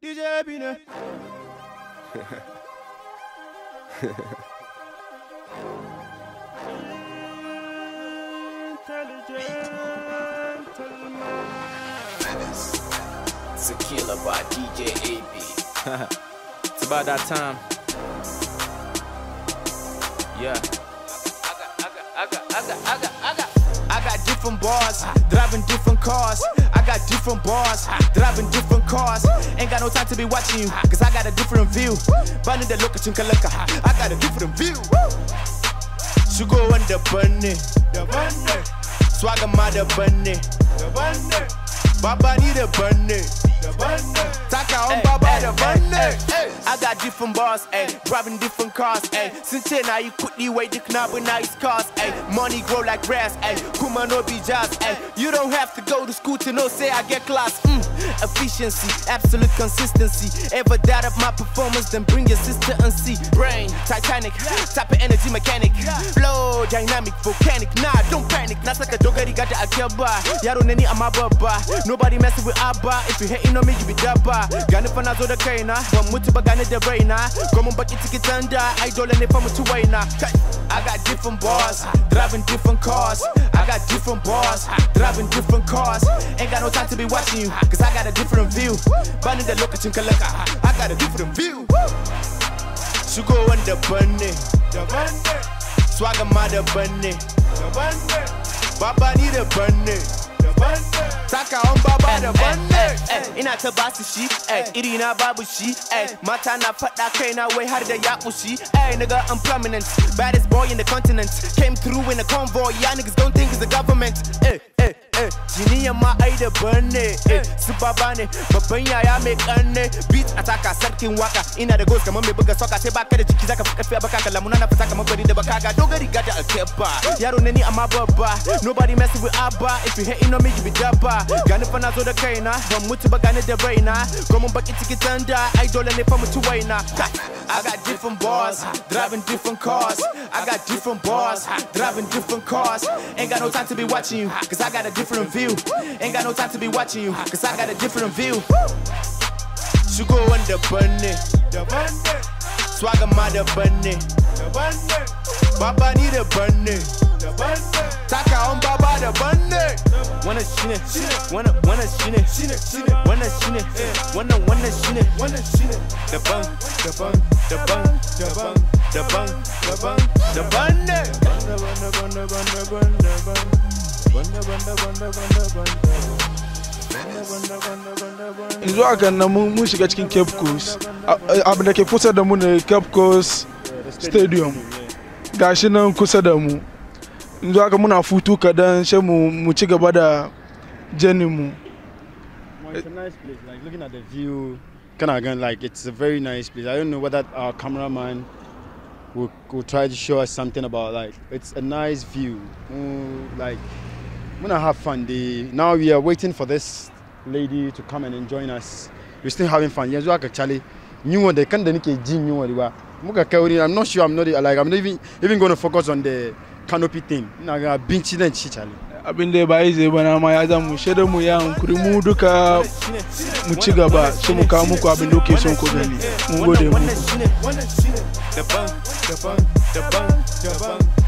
DJ Bine. killer by DJ AB. it's about that time. Yeah. I got different bars, driving different bars, driving different cars. Ain't got no time to be watching you, cause I got a different view. Bunny the look at you, I got a different view. She go on the bunny, the bunny. Swagger my the bunny, the bunny. Baba need a bunny, the bunny. Taka on I got different bars, ayy, driving different cars, ayy. Since then, I quickly weigh the knob with nice cars, ayy. Money grow like grass, ayy. Kuma no be jobs, ayy. You don't have to go to school to know, say I get class, mm efficiency, absolute consistency. Ever doubt of my performance, then bring your sister and see. Brain, titanic, type of energy mechanic. Flow, dynamic, volcanic. Nah, don't panic. Not like a doggy got the akeba. Yaro neni amababa. Nobody messing with abba. If you hating on me, you be daba. Gani fana zo da kaina, ban mutu ba gani da raina. Gomin baki tiki tanda, idol ne fa mutu waina. I got different bars, driving different cars. I got different bars, driving different cars. Ain't got no time to be watching you, cause I got a different view. Bani the location, kalaka, I got a different view. Shigo wanda banne, daban ne. Swaga ma daban Baba need daban ne, daban on Takawan baba daban eh, eh, ne. Eh, Ina ta basu shi, iri na babu shi, mata na faɗa kaina wai har da ya shi. Nigga, I'm prominent, baddest boy in the continent. Came through in a convoy, ya niggas don't think it's the government eh jiniyan ma ai daban ne eh, su baba ne babban yaya mai kanne beat ataka sarkin waka ina da goals kamar mai buga soka sai baka da jiki zaka fi karfi a baka kallamu na fita kamar bari da baka ga dogari ga da alkeba yaro ne ni amma babba nobody mess with abba if you hate on me you be dabba gani fa na zo da kaina ban mutu ba gani da raina gomin baki ciki tanda ai dole ne fa mutu waina I got different bars, driving different cars. I got different bars, driving different cars. Ain't got no time to be watching you, cause I got a different different view. Ain't got no time to be watching you, cause I got a different view. She go under bunny. The bunny. Swagger mother bunny. The bunny. Baba need a bunny. The bunny. Taka on Baba the bunny. Wanna shin it, wanna wanna shin it, wanna shin it, wanna wanna shin it, wanna shin it. The bun, the bun, the bun, the bun, the bun, the bun, the bunny. The bun, the bun, the bun, the bun, the bun. yanzu a kan nan mun shiga cikin cape coast eh, abin da ke kusa da mu ne cape coast stadium gashi nan kusa da mu yanzu haka muna futu kadan sai mu ci gaba da janin mu it's a nice place. Like looking at the view, kind of like it's a very nice place. I don't know whether our cameraman will, will try to show us something about like it's a nice view. Mm, like gonna have fun. The, now we are waiting for this lady to come and join us. We're still having fun. Yanzu aka chale yunwa da kan da nake jin yunwa ba. Muka kai wuri I'm not sure I'm not like I'm not even even going focus on the canopy thing. Ina ga binci dan ci chale. Abin da bai zai bana ma ya zamu shaida mu ya hankuri mu duka mu ci gaba su mu kawo muku abin da kuke son ku gani. Mun gode mu. Daban daban daban daban